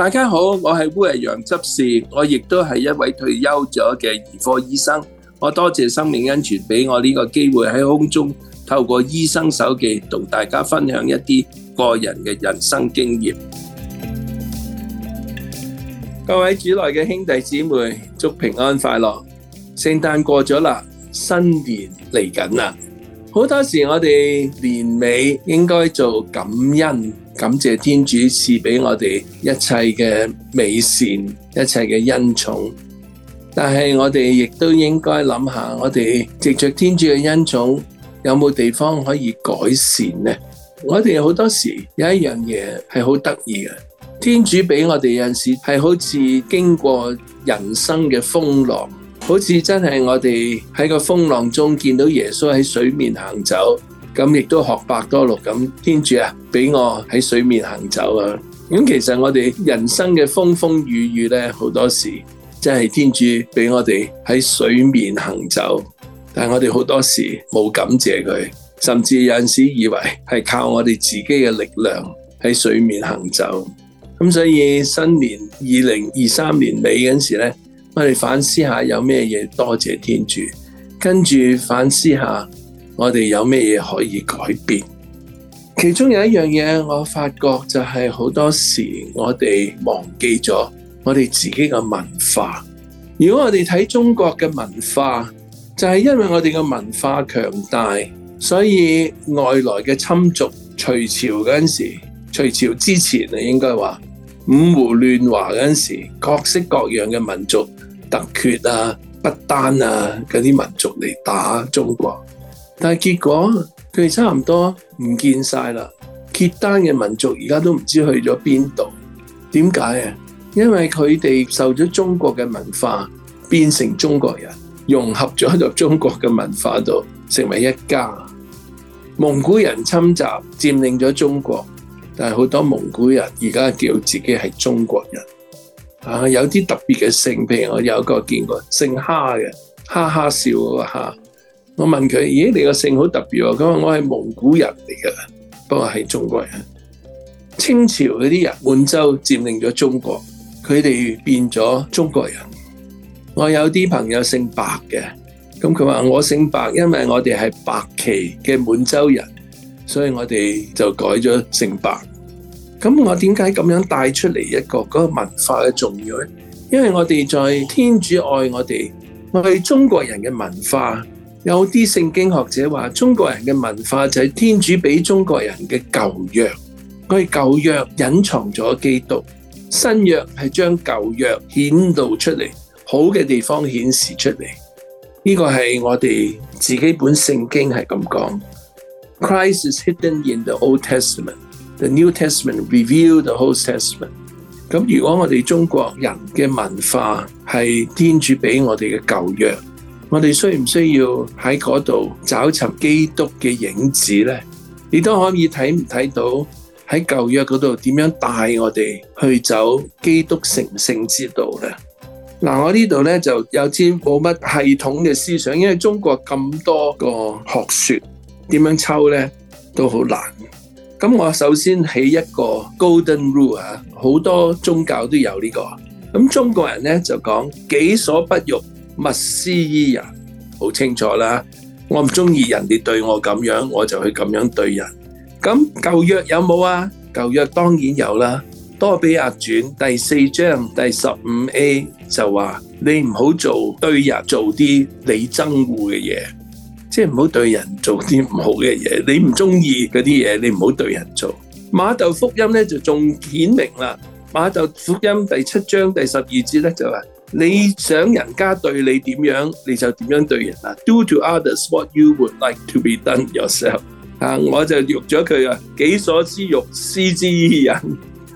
大家好，我係烏羊執事，我亦都係一位退休咗嘅兒科醫生。我多謝生命恩泉俾我呢個機會喺空中透過醫生手記同大家分享一啲個人嘅人生經驗。各位主內嘅兄弟姊妹，祝平安快樂！聖誕過咗啦，新年嚟緊啦。好多時我哋年尾應該做感恩。感謝天主賜俾我哋一切嘅美善，一切嘅恩寵。但係我哋亦都應該諗下，我哋藉着天主嘅恩寵，有冇地方可以改善呢？我哋好多時有一樣嘢係好得意嘅，天主俾我哋有陣時係好似經過人生嘅風浪，好似真係我哋喺個風浪中見到耶穌喺水面行走，走。咁亦都學伯多祿，咁天主啊，俾我喺水面行走啊！咁其實我哋人生嘅風風雨雨咧，好多時真係天主俾我哋喺水面行走，但係我哋好多時冇感謝佢，甚至有陣時以為係靠我哋自己嘅力量喺水面行走。咁所以新年二零二三年尾嗰時咧，我哋反思下有咩嘢多謝天主，跟住反思下。我哋有咩嘢可以改變？其中有一樣嘢，我發覺就係好多時，我哋忘記咗我哋自己嘅文化。如果我哋睇中國嘅文化，就係、是、因為我哋嘅文化強大，所以外來嘅侵族、隋朝嗰陣時、隋朝之前啊，應該話五胡亂華嗰陣時，各式各樣嘅民族、突厥啊、不丹啊嗰啲民族嚟打中國但係結果佢哋差唔多唔見晒啦，契丹嘅民族而家都唔知去咗邊度？點解啊？因為佢哋受咗中國嘅文化，變成中國人，融合咗入中國嘅文化度，成為一家。蒙古人侵襲佔領咗中國，但係好多蒙古人而家叫自己係中國人。啊，有啲特別嘅姓，譬如我有一個見過姓哈嘅，哈哈笑嗰個哈。我問佢，咦、哎，你個姓好特別啊！佢話：我係蒙古人嚟噶，不過係中國人。清朝嗰啲人，滿洲佔領咗中國，佢哋變咗中國人。我有啲朋友姓白嘅，咁佢話：我姓白，因為我哋係白旗嘅滿洲人，所以我哋就改咗姓白。咁我點解咁樣帶出嚟一個嗰個文化嘅重要咧？因為我哋在天主愛我哋，我哋中國人嘅文化。有啲聖經學者話，中國人嘅文化就係天主俾中國人嘅舊約，佢舊約隱藏咗基督，新約係將舊約顯露出嚟，好嘅地方顯示出嚟。呢、這個係我哋自己本聖經係咁講 Christ is hidden in the Old Testament, the New Testament reveals the Old Testament。咁如果我哋中國人嘅文化係天主俾我哋嘅舊約。我哋需唔需要喺嗰度找尋基督嘅影子呢？你都可以睇唔睇到喺舊約嗰度點樣帶我哋去走基督成聖之道呢？嗱、啊，我這裡呢度呢就有啲冇乜系統嘅思想，因為中國咁多個學說，點樣抽呢都好難。咁我首先起一個 golden rule 啊，好多宗教都有呢、這個。咁中國人呢，就講己所不欲。勿施於人，好清楚啦。我唔中意人哋對我咁樣，我就去咁樣對人。咁舊約有冇啊？舊約當然有啦，《多俾亞傳》第四章第十五 a 就話：你唔好做對人做啲你憎惡嘅嘢，即係唔好對人做啲唔好嘅嘢。你唔中意嗰啲嘢，你唔好對人做。馬竇福音咧就仲顯明啦，馬竇福音第七章第十二節咧就話。你想人家對你點樣，你就點樣對人啦。Do to others what you would like to be done yourself。啊，我就譯咗佢啊，己所之欲施之於人。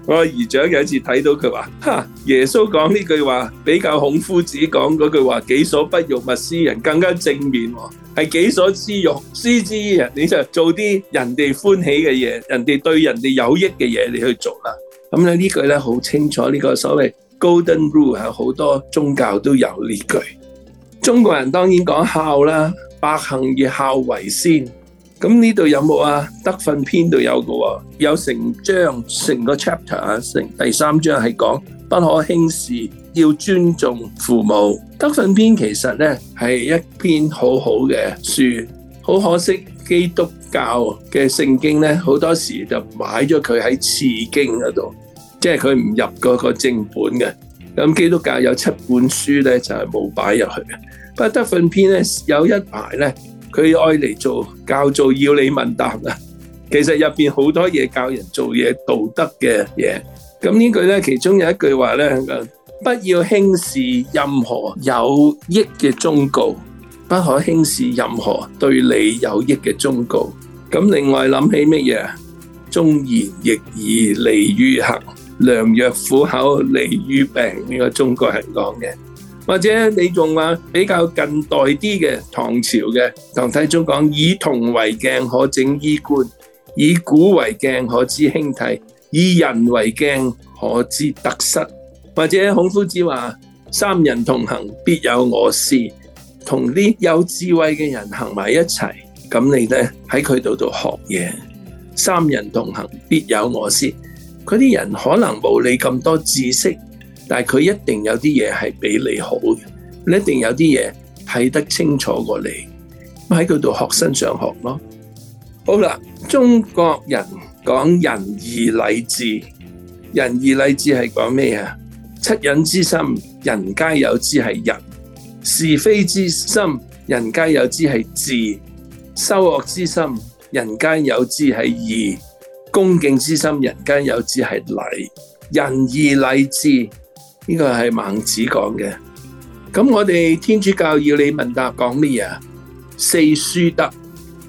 我姨丈有一次睇到佢話，哈，耶穌講呢句話比較孔夫子講嗰句話，己所不欲勿施人更加正面喎，係己所之欲施之於人，你就做啲人哋歡喜嘅嘢，人哋對人哋有益嘅嘢你去做啦。咁咧呢句咧好清楚呢個所謂。Golden Rule 係好多宗教都有呢句，中國人當然講孝啦，百行以孝為先。咁呢度有冇啊？德訓篇都有噶，有成章成個 chapter，成第三章係講不可輕視，要尊重父母。德訓篇其實呢係一篇很好好嘅書，好可惜基督教嘅聖經呢，好多時候就買咗佢喺次經嗰度。即係佢唔入嗰個正本嘅。咁基督教有七本書咧，就係冇擺入去嘅。德訓篇咧有一排咧，佢愛嚟做教做要你問答啊。其實入邊好多嘢教人做嘢道德嘅嘢。咁呢句咧其中有一句話咧，誒不要輕視任何有益嘅忠告，不可輕視任何對你有益嘅忠告。咁另外諗起乜嘢？忠言逆耳，利於行。良藥苦口，利於病。呢個中國人講嘅，或者你仲話比較近代啲嘅，唐朝嘅唐太宗講：以銅為鏡，可整衣冠；以古為鏡，可知興替；以人為鏡，可知得失。或者孔夫子話：三人同行，必有我師。同啲有智慧嘅人行埋一齊，咁你呢喺佢度度學嘢。三人同行，必有我師。佢啲人可能冇你咁多知識，但係佢一定有啲嘢係比你好嘅，你一定有啲嘢睇得清楚過你。喺佢度身上學咯。好啦，中國人講仁義禮智，仁義禮智係講咩啊？惻隱之心，人皆有之；係仁；是非之心，人皆有之；係智；羞惡之心，人皆有之；係義。恭敬之心，人間有之，係禮仁義禮智，呢個係孟子講嘅。咁我哋天主教要理問答講乜嘢？四樞德，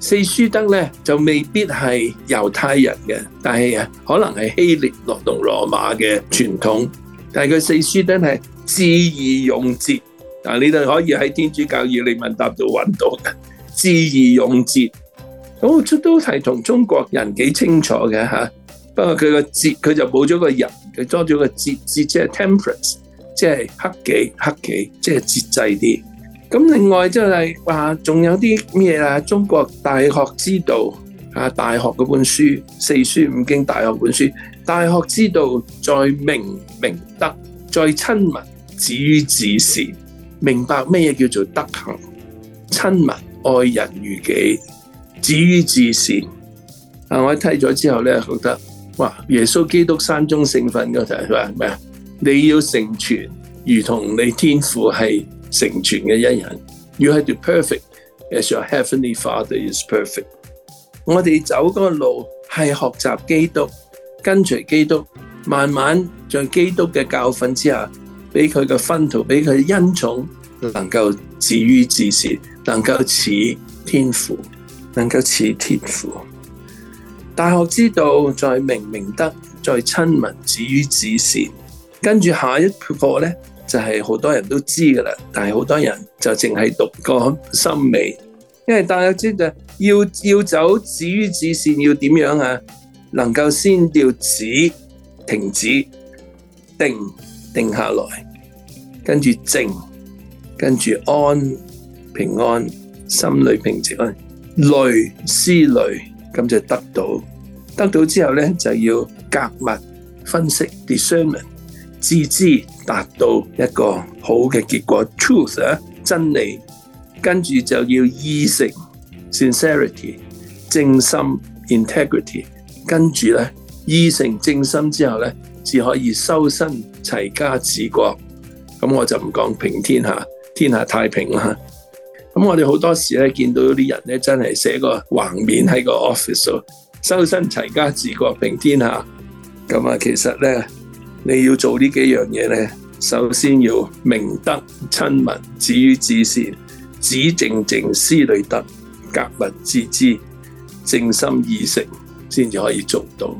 四樞德咧就未必係猶太人嘅，但係啊可能係希臘、諾頓、羅馬嘅傳統。但係佢四樞德係智義勇節，嗱你哋可以喺天主教要理問答度揾到嘅智義勇節。咁都都係同中國人幾清楚嘅吓，不過佢個節佢就冇咗個人，佢多咗個節，節即係 temperance，即係克己克己，即係節制啲。咁另外即係話仲有啲咩啊？中國大學之道啊，大學嗰本書四書五經，大學本書，大學之道在明明德，在親民，止於至善。明白咩嘢叫做德行？親民，愛人如己。.止於至善。啊，我一睇咗之後咧，覺得哇！耶穌基督山中聖訓嗰陣，佢話咩啊？你要成全，如同你天父係成全嘅一人。You have to perfect as your heavenly father is perfect。我哋走嗰個路係學習基督，跟隨基督，慢慢在基督嘅教訓之下，俾佢嘅分土，俾佢恩寵，能夠止於至善，能夠似天父。能夠賜天賦，大學之道在明明德，在親民，止於至善。跟住下一個呢，就係、是、好多人都知㗎喇，但係好多人就淨係讀個心美」，因為大家知道要要走止於至善要點樣啊？能夠先要止，停止，定定下來，跟住靜，跟住安，平安，心裏平靜啊！累思累，咁就得到，得到之後咧就要格物分析 discernment，自知達到一個好嘅結果 truth 真理，跟住就要意誠 sincerity，正心 integrity，跟住咧意誠正心之後咧，至可以修身齊家治國，咁我就唔講平天下，天下太平啦。咁我哋好多時咧見到啲人咧，真係寫個橫匾，喺個 office 度，修身齊家治國平天下。咁啊，其實咧你要做呢幾樣嘢咧，首先要明德親民，止於至善，止淨淨思慮得、格物致知，正心意誠，先至可以做到。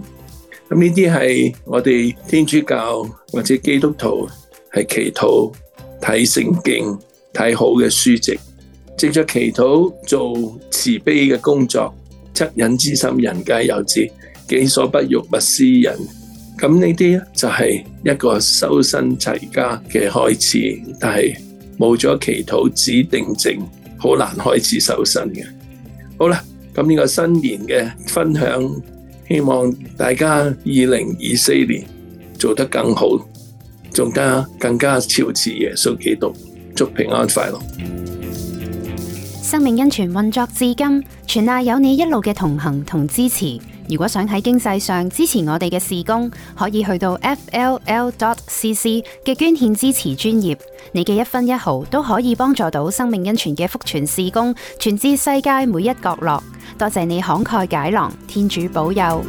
咁呢啲係我哋天主教或者是基督徒係祈禱睇聖經睇好嘅書籍，藉着祈禱做慈悲嘅工作，惻隱之心，人皆有之；己所不欲，勿施人。咁呢啲就係一個修身齊家嘅開始，但係冇咗祈禱止定靜，好難開始修身嘅。好啦，咁呢個新年嘅分享，希望大家二零二四年做得更好，仲加更加肖似耶穌基督，祝平安快樂。生命恩泉運作至今，全賴有你一路嘅同行同支持。如果想喺經濟上支持我哋嘅事工，可以去到 fll.cc 嘅捐獻支持專頁，你嘅一分一毫都可以幫助到生命恩泉嘅福傳事工，傳至世界每一角落。多謝你慷慨解囊，天主保佑。